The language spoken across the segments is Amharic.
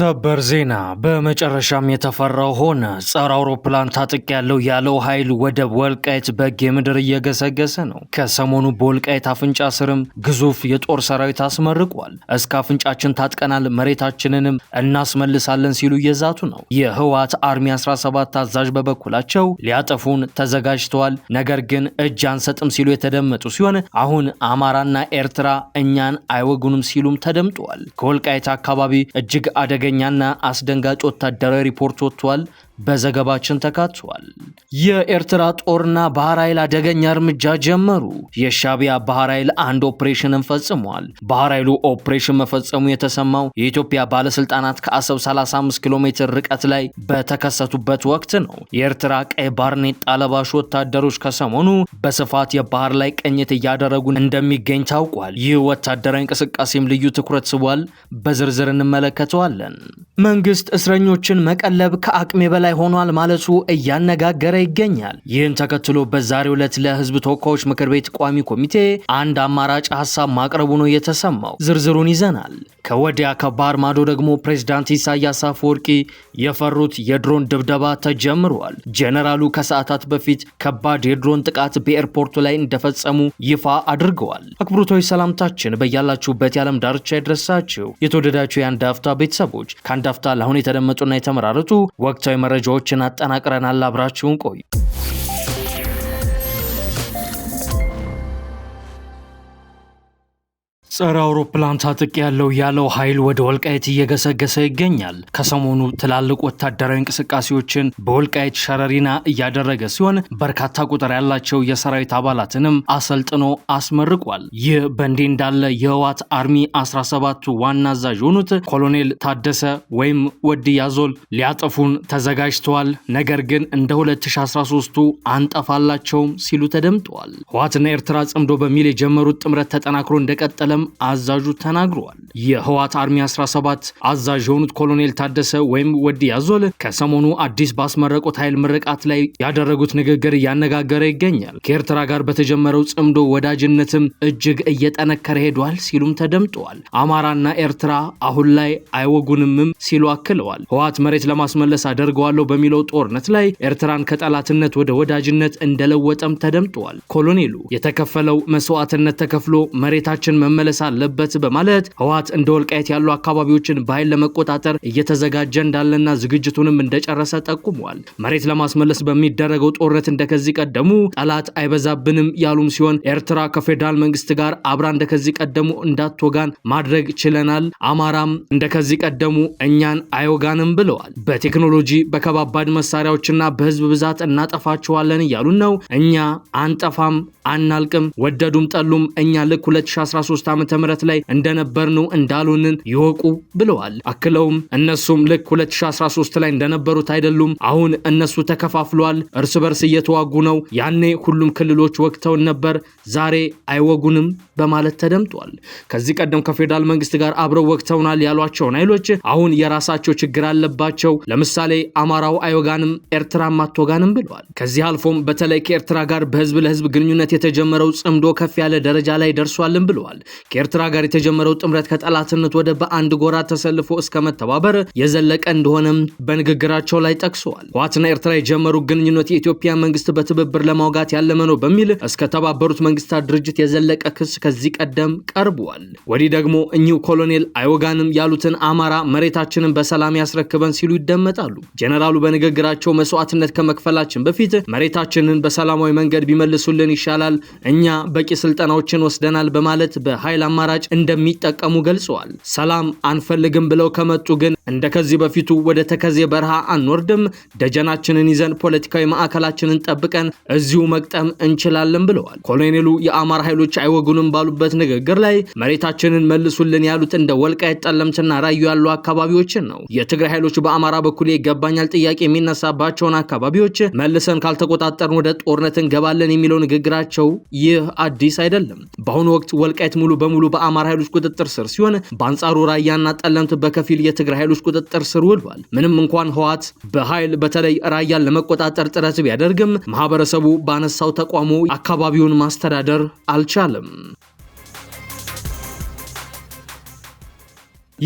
ሰበር ዜና። በመጨረሻም የተፈራው ሆነ። ጸረ አውሮፕላን ታጥቅ ያለው ያለው ኃይል ወደ ወልቃይት በጌ ምድር እየገሰገሰ ነው። ከሰሞኑ በወልቃይት አፍንጫ ስርም ግዙፍ የጦር ሰራዊት አስመርቋል። እስከ አፍንጫችን ታጥቀናል፣ መሬታችንንም እናስመልሳለን ሲሉ እየዛቱ ነው። የህወሓት አርሚ 17 አዛዥ በበኩላቸው ሊያጠፉን ተዘጋጅተዋል፣ ነገር ግን እጅ አንሰጥም ሲሉ የተደመጡ ሲሆን አሁን አማራና ኤርትራ እኛን አይወጉንም ሲሉም ተደምጠዋል። ከወልቃይት አካባቢ እጅግ አደገ ሀሰተኛና አስደንጋጭ ወታደራዊ ሪፖርት ወጥቷል። በዘገባችን ተካቷል። የኤርትራ ጦርና ባህር ኃይል አደገኛ እርምጃ ጀመሩ። የሻቢያ ባህር ኃይል አንድ ኦፕሬሽንን ፈጽሟል። ባህር ኃይሉ ኦፕሬሽን መፈጸሙ የተሰማው የኢትዮጵያ ባለስልጣናት ከአሰብ 35 ኪሎ ሜትር ርቀት ላይ በተከሰቱበት ወቅት ነው። የኤርትራ ቀይ ባርኔጣ ለባሽ ወታደሮች ከሰሞኑ በስፋት የባህር ላይ ቅኝት እያደረጉ እንደሚገኝ ታውቋል። ይህ ወታደራዊ እንቅስቃሴም ልዩ ትኩረት ስቧል። በዝርዝር እንመለከተዋለን። መንግስት እስረኞችን መቀለብ ከአቅሜ በላይ ላይ ሆኗል ማለቱ እያነጋገረ ይገኛል። ይህን ተከትሎ በዛሬው ዕለት ለህዝብ ተወካዮች ምክር ቤት ቋሚ ኮሚቴ አንድ አማራጭ ሀሳብ ማቅረቡ ነው የተሰማው። ዝርዝሩን ይዘናል። ከወዲያ ከባህር ማዶ ደግሞ ፕሬዝዳንት ኢሳያስ አፈወርቂ የፈሩት የድሮን ድብደባ ተጀምሯል። ጄኔራሉ ከሰዓታት በፊት ከባድ የድሮን ጥቃት በኤርፖርቱ ላይ እንደፈጸሙ ይፋ አድርገዋል። አክብሮታዊ ሰላምታችን በያላችሁበት የዓለም ዳርቻ ይድረሳችሁ። የተወደዳችሁ የአንድ አፍታ ቤተሰቦች ከአንድ አፍታ ለአሁን የተደመጡና የተመራረጡ ወቅታዊ መረጃ መረጃዎችን አጠናቅረናል። አብራችሁን ቆዩ። ጸረ አውሮፕላን ታጥቅ ያለው ያለው ኃይል ወደ ወልቃይት እየገሰገሰ ይገኛል። ከሰሞኑ ትላልቅ ወታደራዊ እንቅስቃሴዎችን በወልቃይት ሸረሪና እያደረገ ሲሆን በርካታ ቁጥር ያላቸው የሰራዊት አባላትንም አሰልጥኖ አስመርቋል። ይህ በእንዲህ እንዳለ የህዋት አርሚ 17ቱ ዋና አዛዥ የሆኑት ኮሎኔል ታደሰ ወይም ወድ ያዞል ሊያጠፉን ተዘጋጅተዋል፣ ነገር ግን እንደ 2013ቱ አንጠፋላቸውም ሲሉ ተደምጠዋል። ህዋትና ኤርትራ ጽምዶ በሚል የጀመሩት ጥምረት ተጠናክሮ እንደቀጠለ እንደነበረም አዛዡ ተናግረዋል። የህዋት አርሚ 17 አዛዥ የሆኑት ኮሎኔል ታደሰ ወይም ወዲ ያዞል ከሰሞኑ አዲስ ባስመረቁት ኃይል ምርቃት ላይ ያደረጉት ንግግር እያነጋገረ ይገኛል። ከኤርትራ ጋር በተጀመረው ጽምዶ ወዳጅነትም እጅግ እየጠነከረ ሄዷል ሲሉም ተደምጠዋል። አማራና ኤርትራ አሁን ላይ አይወጉንምም ሲሉ አክለዋል። ህዋት መሬት ለማስመለስ አደርገዋለሁ በሚለው ጦርነት ላይ ኤርትራን ከጠላትነት ወደ ወዳጅነት እንደለወጠም ተደምጠዋል። ኮሎኔሉ የተከፈለው መስዋዕትነት ተከፍሎ መሬታችን መመለስ መመለስ አለበት በማለት ህወሓት እንደ ወልቃየት ያሉ አካባቢዎችን በኃይል ለመቆጣጠር እየተዘጋጀ እንዳለና ዝግጅቱንም እንደጨረሰ ጠቁሟል። መሬት ለማስመለስ በሚደረገው ጦርነት እንደከዚህ ቀደሙ ጠላት አይበዛብንም ያሉም ሲሆን ኤርትራ ከፌዴራል መንግስት ጋር አብራ እንደከዚህ ቀደሙ እንዳትወጋን ማድረግ ችለናል፣ አማራም እንደከዚህ ቀደሙ እኛን አይወጋንም ብለዋል። በቴክኖሎጂ በከባባድ መሳሪያዎችና በህዝብ ብዛት እናጠፋችኋለን እያሉን ነው። እኛ አንጠፋም፣ አናልቅም፣ ወደዱም ጠሉም እኛ ልክ 2013 ዓመተ ምህረት ላይ እንደነበር ነው እንዳሉንን ይወቁ ብለዋል። አክለውም እነሱም ልክ 2013 ላይ እንደነበሩት አይደሉም። አሁን እነሱ ተከፋፍሏል፣ እርስ በርስ እየተዋጉ ነው። ያኔ ሁሉም ክልሎች ወቅተውን ነበር፣ ዛሬ አይወጉንም በማለት ተደምጧል። ከዚህ ቀደም ከፌዴራል መንግስት ጋር አብረው ወግተውናል ያሏቸውን ኃይሎች አሁን የራሳቸው ችግር አለባቸው፣ ለምሳሌ አማራው አይወጋንም ኤርትራ አትወጋንም ብለዋል። ከዚህ አልፎም በተለይ ከኤርትራ ጋር በህዝብ ለህዝብ ግንኙነት የተጀመረው ጽምዶ ከፍ ያለ ደረጃ ላይ ደርሷልን ብለዋል። ከኤርትራ ጋር የተጀመረው ጥምረት ከጠላትነት ወደ በአንድ ጎራ ተሰልፎ እስከ መተባበር የዘለቀ እንደሆነም በንግግራቸው ላይ ጠቅሰዋል። ህወሓትና ኤርትራ የጀመሩ ግንኙነት የኢትዮጵያ መንግስት በትብብር ለማውጋት ያለመ ነው በሚል እስከተባበሩት ተባበሩት መንግስታት ድርጅት የዘለቀ ክስ ከዚህ ቀደም ቀርቧል። ወዲህ ደግሞ እኚሁ ኮሎኔል አይወጋንም ያሉትን አማራ መሬታችንን በሰላም ያስረክበን ሲሉ ይደመጣሉ። ጀነራሉ በንግግራቸው መስዋዕትነት ከመክፈላችን በፊት መሬታችንን በሰላማዊ መንገድ ቢመልሱልን ይሻላል፣ እኛ በቂ ስልጠናዎችን ወስደናል በማለት በኃይል አማራጭ እንደሚጠቀሙ ገልጸዋል። ሰላም አንፈልግም ብለው ከመጡ ግን እንደ ከዚህ በፊቱ ወደ ተከዜ በረሃ አንወርድም፣ ደጀናችንን ይዘን ፖለቲካዊ ማዕከላችንን ጠብቀን እዚሁ መቅጠም እንችላለን ብለዋል። ኮሎኔሉ የአማራ ኃይሎች አይወጉንም ባሉበት ንግግር ላይ መሬታችንን መልሱልን ያሉት እንደ ወልቃይት ጠለምትና ራዩ ያሉ አካባቢዎችን ነው። የትግራይ ኃይሎች በአማራ በኩል የይገባኛል ጥያቄ የሚነሳባቸውን አካባቢዎች መልሰን ካልተቆጣጠርን ወደ ጦርነት እንገባለን የሚለው ንግግራቸው ይህ አዲስ አይደለም። በአሁኑ ወቅት ወልቃይት ሙሉ በሙሉ በአማራ ኃይሎች ቁጥጥር ስር ሲሆን፣ በአንጻሩ ራያና ጠለምት በከፊል የትግራይ ኃይሎች ቁጥጥር ስር ውሏል። ምንም እንኳን ህወሓት በኃይል በተለይ ራያን ለመቆጣጠር ጥረት ቢያደርግም ማህበረሰቡ ባነሳው ተቋሙ አካባቢውን ማስተዳደር አልቻለም።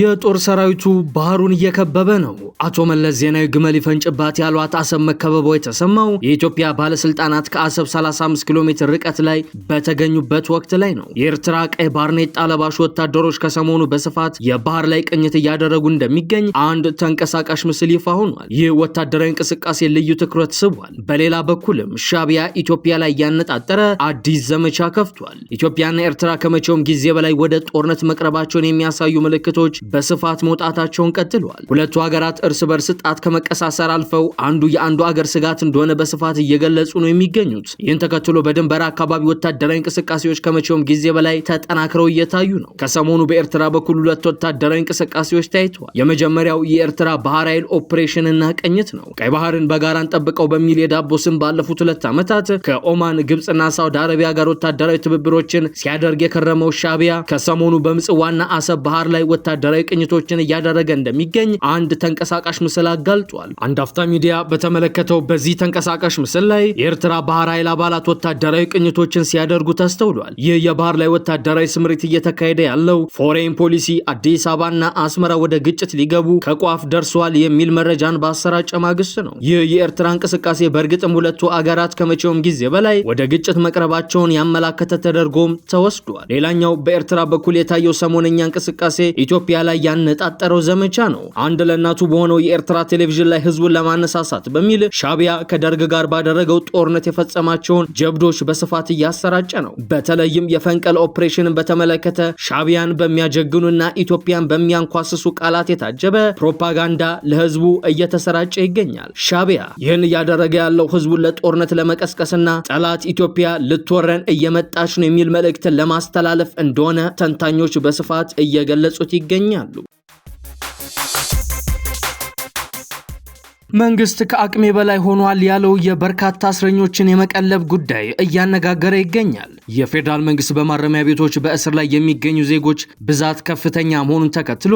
የጦር ሰራዊቱ ባህሩን እየከበበ ነው። አቶ መለስ ዜናዊ ግመል ይፈንጭባት ያሏት አሰብ መከበቧ የተሰማው የኢትዮጵያ ባለስልጣናት ከአሰብ 35 ኪሎ ሜትር ርቀት ላይ በተገኙበት ወቅት ላይ ነው። የኤርትራ ቀይ ባርኔጣ ለባሽ ወታደሮች ከሰሞኑ በስፋት የባህር ላይ ቅኝት እያደረጉ እንደሚገኝ አንድ ተንቀሳቃሽ ምስል ይፋ ሆኗል። ይህ ወታደራዊ እንቅስቃሴ ልዩ ትኩረት ስቧል። በሌላ በኩልም ሻቢያ ኢትዮጵያ ላይ ያነጣጠረ አዲስ ዘመቻ ከፍቷል። ኢትዮጵያና ኤርትራ ከመቼውም ጊዜ በላይ ወደ ጦርነት መቅረባቸውን የሚያሳዩ ምልክቶች በስፋት መውጣታቸውን ቀጥለዋል። ሁለቱ ሀገራት እርስ በርስ ጣት ከመቀሳሰር አልፈው አንዱ የአንዱ አገር ስጋት እንደሆነ በስፋት እየገለጹ ነው የሚገኙት። ይህን ተከትሎ በድንበር አካባቢ ወታደራዊ እንቅስቃሴዎች ከመቼውም ጊዜ በላይ ተጠናክረው እየታዩ ነው። ከሰሞኑ በኤርትራ በኩል ሁለት ወታደራዊ እንቅስቃሴዎች ታይተዋል። የመጀመሪያው የኤርትራ ባህር ኃይል ኦፕሬሽንና ቅኝት ነው። ቀይ ባህርን በጋራን ጠብቀው በሚል የዳቦ ስም ባለፉት ሁለት ዓመታት ከኦማን ግብፅና ሳውዲ አረቢያ ጋር ወታደራዊ ትብብሮችን ሲያደርግ የከረመው ሻቢያ ከሰሞኑ በምጽዋና አሰብ ባህር ላይ ወታደራዊ ወታደራዊ ቅኝቶችን እያደረገ እንደሚገኝ አንድ ተንቀሳቃሽ ምስል አጋልጧል። አንድ አፍታ ሚዲያ በተመለከተው በዚህ ተንቀሳቃሽ ምስል ላይ የኤርትራ ባህር ኃይል አባላት ወታደራዊ ቅኝቶችን ሲያደርጉ ተስተውሏል። ይህ የባህር ላይ ወታደራዊ ስምሪት እየተካሄደ ያለው ፎሬን ፖሊሲ አዲስ አበባና አስመራ ወደ ግጭት ሊገቡ ከቋፍ ደርሷል የሚል መረጃን በአሰራጨ ማግስት ነው። ይህ የኤርትራ እንቅስቃሴ በእርግጥም ሁለቱ አገራት ከመቼውም ጊዜ በላይ ወደ ግጭት መቅረባቸውን ያመላከተ ተደርጎም ተወስዷል። ሌላኛው በኤርትራ በኩል የታየው ሰሞነኛ እንቅስቃሴ ኢትዮጵያ ላይ ያነጣጠረው ዘመቻ ነው። አንድ ለእናቱ በሆነው የኤርትራ ቴሌቪዥን ላይ ህዝቡን ለማነሳሳት በሚል ሻቢያ ከደርግ ጋር ባደረገው ጦርነት የፈጸማቸውን ጀብዶች በስፋት እያሰራጨ ነው። በተለይም የፈንቀል ኦፕሬሽንን በተመለከተ ሻቢያን በሚያጀግኑና ኢትዮጵያን በሚያንኳስሱ ቃላት የታጀበ ፕሮፓጋንዳ ለህዝቡ እየተሰራጨ ይገኛል። ሻቢያ ይህን እያደረገ ያለው ህዝቡን ለጦርነት ለመቀስቀስና ጠላት ኢትዮጵያ ልትወረን እየመጣች ነው የሚል መልእክትን ለማስተላለፍ እንደሆነ ተንታኞች በስፋት እየገለጹት ይገኛል። ይገኛሉ። መንግስት ከአቅሜ በላይ ሆኗል ያለው የበርካታ እስረኞችን የመቀለብ ጉዳይ እያነጋገረ ይገኛል። የፌዴራል መንግስት በማረሚያ ቤቶች በእስር ላይ የሚገኙ ዜጎች ብዛት ከፍተኛ መሆኑን ተከትሎ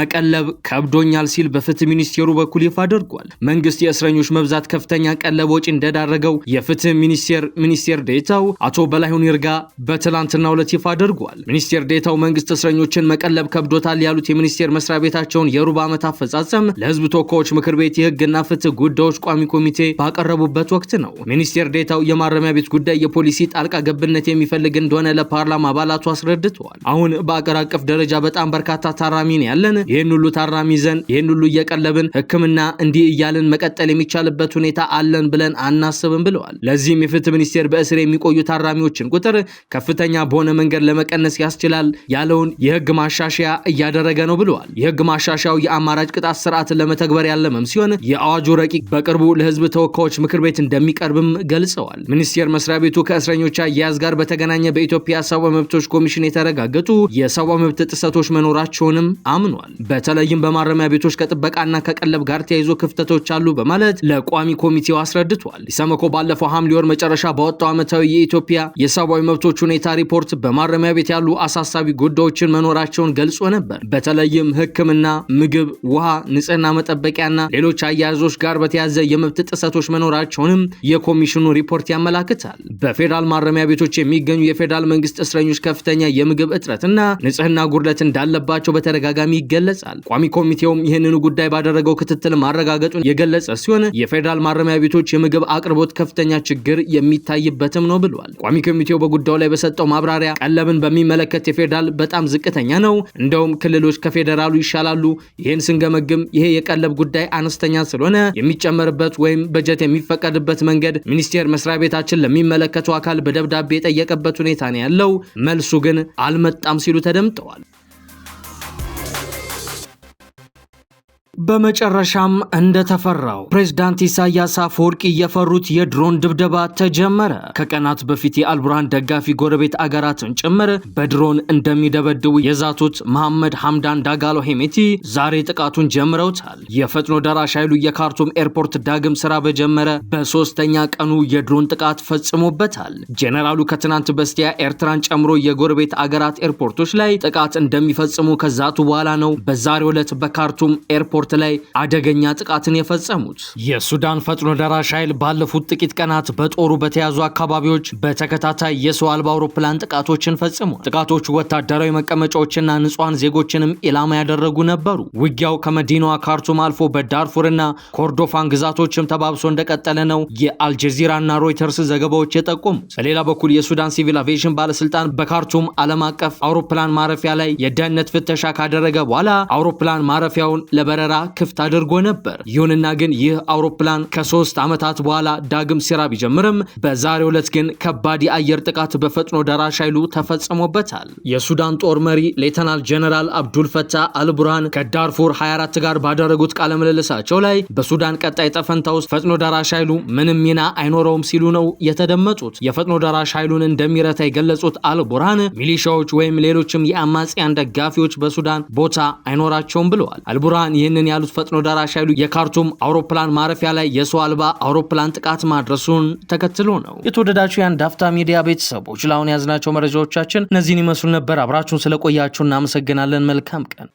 መቀለብ ከብዶኛል ሲል በፍትህ ሚኒስቴሩ በኩል ይፋ አድርጓል። መንግስት የእስረኞች መብዛት ከፍተኛ ቀለብ ወጪ እንደዳረገው የፍትህ ሚኒስቴር ሚኒስቴር ዴታው አቶ በላይሁን ይርጋ በትላንትናው ዕለት ይፋ አድርጓል። ሚኒስቴር ዴታው መንግስት እስረኞችን መቀለብ ከብዶታል ያሉት የሚኒስቴር መስሪያ ቤታቸውን የሩብ ዓመት አፈጻጸም ለህዝብ ተወካዮች ምክር ቤት የህግና ሰላምና ፍትህ ጉዳዮች ቋሚ ኮሚቴ ባቀረቡበት ወቅት ነው። ሚኒስቴር ዴታው የማረሚያ ቤት ጉዳይ የፖሊሲ ጣልቃ ገብነት የሚፈልግ እንደሆነ ለፓርላማ አባላቱ አስረድተዋል። አሁን በአገር አቀፍ ደረጃ በጣም በርካታ ታራሚ ነው ያለን። ይህን ሁሉ ታራሚ ይዘን ይህን ሁሉ እየቀለብን ህክምና እንዲህ እያልን መቀጠል የሚቻልበት ሁኔታ አለን ብለን አናስብም ብለዋል። ለዚህም የፍትህ ሚኒስቴር በእስር የሚቆዩ ታራሚዎችን ቁጥር ከፍተኛ በሆነ መንገድ ለመቀነስ ያስችላል ያለውን የህግ ማሻሻያ እያደረገ ነው ብለዋል። የህግ ማሻሻያው የአማራጭ ቅጣት ስርዓትን ለመተግበር ያለመም ሲሆን የአዋጁ ረቂቅ በቅርቡ ለህዝብ ተወካዮች ምክር ቤት እንደሚቀርብም ገልጸዋል። ሚኒስቴር መስሪያ ቤቱ ከእስረኞች አያያዝ ጋር በተገናኘ በኢትዮጵያ ሰብአዊ መብቶች ኮሚሽን የተረጋገጡ የሰብአዊ መብት ጥሰቶች መኖራቸውንም አምኗል። በተለይም በማረሚያ ቤቶች ከጥበቃና ከቀለብ ጋር ተያይዞ ክፍተቶች አሉ በማለት ለቋሚ ኮሚቴው አስረድቷል። ኢሰመኮ ባለፈው ሐምሌ ወር መጨረሻ በወጣው ዓመታዊ የኢትዮጵያ የሰብአዊ መብቶች ሁኔታ ሪፖርት በማረሚያ ቤት ያሉ አሳሳቢ ጉዳዮችን መኖራቸውን ገልጾ ነበር። በተለይም ሕክምና፣ ምግብ፣ ውሃ፣ ንጽህና መጠበቂያና ሌሎች አያያዝ አያያዞች ጋር በተያዘ የመብት ጥሰቶች መኖራቸውንም የኮሚሽኑ ሪፖርት ያመላክታል። በፌዴራል ማረሚያ ቤቶች የሚገኙ የፌዴራል መንግስት እስረኞች ከፍተኛ የምግብ እጥረትና ንጽህና ጉድለት እንዳለባቸው በተደጋጋሚ ይገለጻል። ቋሚ ኮሚቴውም ይህንኑ ጉዳይ ባደረገው ክትትል ማረጋገጡን የገለጸ ሲሆን የፌዴራል ማረሚያ ቤቶች የምግብ አቅርቦት ከፍተኛ ችግር የሚታይበትም ነው ብሏል። ቋሚ ኮሚቴው በጉዳዩ ላይ በሰጠው ማብራሪያ ቀለብን በሚመለከት የፌዴራል በጣም ዝቅተኛ ነው፣ እንደውም ክልሎች ከፌዴራሉ ይሻላሉ። ይህን ስንገመግም ይሄ የቀለብ ጉዳይ አነስተኛ ስለ ካልሆነ የሚጨመርበት ወይም በጀት የሚፈቀድበት መንገድ ሚኒስቴር መስሪያ ቤታችን ለሚመለከተው አካል በደብዳቤ የጠየቀበት ሁኔታ ነው ያለው። መልሱ ግን አልመጣም ሲሉ ተደምጠዋል። በመጨረሻም እንደተፈራው ፕሬዝዳንት ኢሳያስ አፈወርቂ የፈሩት የድሮን ድብደባ ተጀመረ። ከቀናት በፊት የአልቡርሃን ደጋፊ ጎረቤት አገራትን ጭምር በድሮን እንደሚደበድቡ የዛቱት መሐመድ ሐምዳን ዳጋሎ ሄሜቲ ዛሬ ጥቃቱን ጀምረውታል። የፈጥኖ ደራሽ ኃይሉ የካርቱም ኤርፖርት ዳግም ስራ በጀመረ በሶስተኛ ቀኑ የድሮን ጥቃት ፈጽሞበታል። ጄኔራሉ ከትናንት በስቲያ ኤርትራን ጨምሮ የጎረቤት አገራት ኤርፖርቶች ላይ ጥቃት እንደሚፈጽሙ ከዛቱ በኋላ ነው በዛሬው ዕለት በካርቱም ኤርፖርት ኤርፖርት ላይ አደገኛ ጥቃትን የፈጸሙት። የሱዳን ፈጥኖ ደራሽ ኃይል ባለፉት ጥቂት ቀናት በጦሩ በተያዙ አካባቢዎች በተከታታይ የሰው አልባ አውሮፕላን ጥቃቶችን ፈጽሟል። ጥቃቶቹ ወታደራዊ መቀመጫዎችና ንጹሐን ዜጎችንም ኢላማ ያደረጉ ነበሩ። ውጊያው ከመዲናዋ ካርቱም አልፎ በዳርፉርና ኮርዶፋን ግዛቶችም ተባብሶ እንደቀጠለ ነው የአልጀዚራና ሮይተርስ ዘገባዎች የጠቆሙት። በሌላ በኩል የሱዳን ሲቪል አቪዬሽን ባለስልጣን በካርቱም ዓለም አቀፍ አውሮፕላን ማረፊያ ላይ የደህንነት ፍተሻ ካደረገ በኋላ አውሮፕላን ማረፊያውን ለበረራ በረራ ክፍት አድርጎ ነበር። ይሁንና ግን ይህ አውሮፕላን ከሶስት ዓመታት በኋላ ዳግም ሲራ ቢጀምርም በዛሬው ዕለት ግን ከባድ የአየር ጥቃት በፈጥኖ ደራሽ ኃይሉ ተፈጽሞበታል። የሱዳን ጦር መሪ ሌተናል ጀነራል አብዱልፈታህ አልቡርሃን ከዳርፉር 24 ጋር ባደረጉት ቃለ ምልልሳቸው ላይ በሱዳን ቀጣይ ጠፈንታ ውስጥ ፈጥኖ ደራሽ ኃይሉ ምንም ሚና አይኖረውም ሲሉ ነው የተደመጡት። የፈጥኖ ደራሽ ኃይሉን እንደሚረታ የገለጹት አልቡርሃን ሚሊሻዎች ወይም ሌሎችም የአማጽያን ደጋፊዎች በሱዳን ቦታ አይኖራቸውም ብለዋል። አልቡርሃን ይህንን ይህንን ያሉት ፈጥኖ ደራሽ ኃይሉ የካርቱም አውሮፕላን ማረፊያ ላይ የሰው አልባ አውሮፕላን ጥቃት ማድረሱን ተከትሎ ነው። የተወደዳችሁ የአንድ አፍታ ሚዲያ ቤተሰቦች ለአሁን ያዝናቸው መረጃዎቻችን እነዚህን ይመስሉ ነበር። አብራችሁን ስለቆያችሁ እናመሰግናለን። መልካም ቀን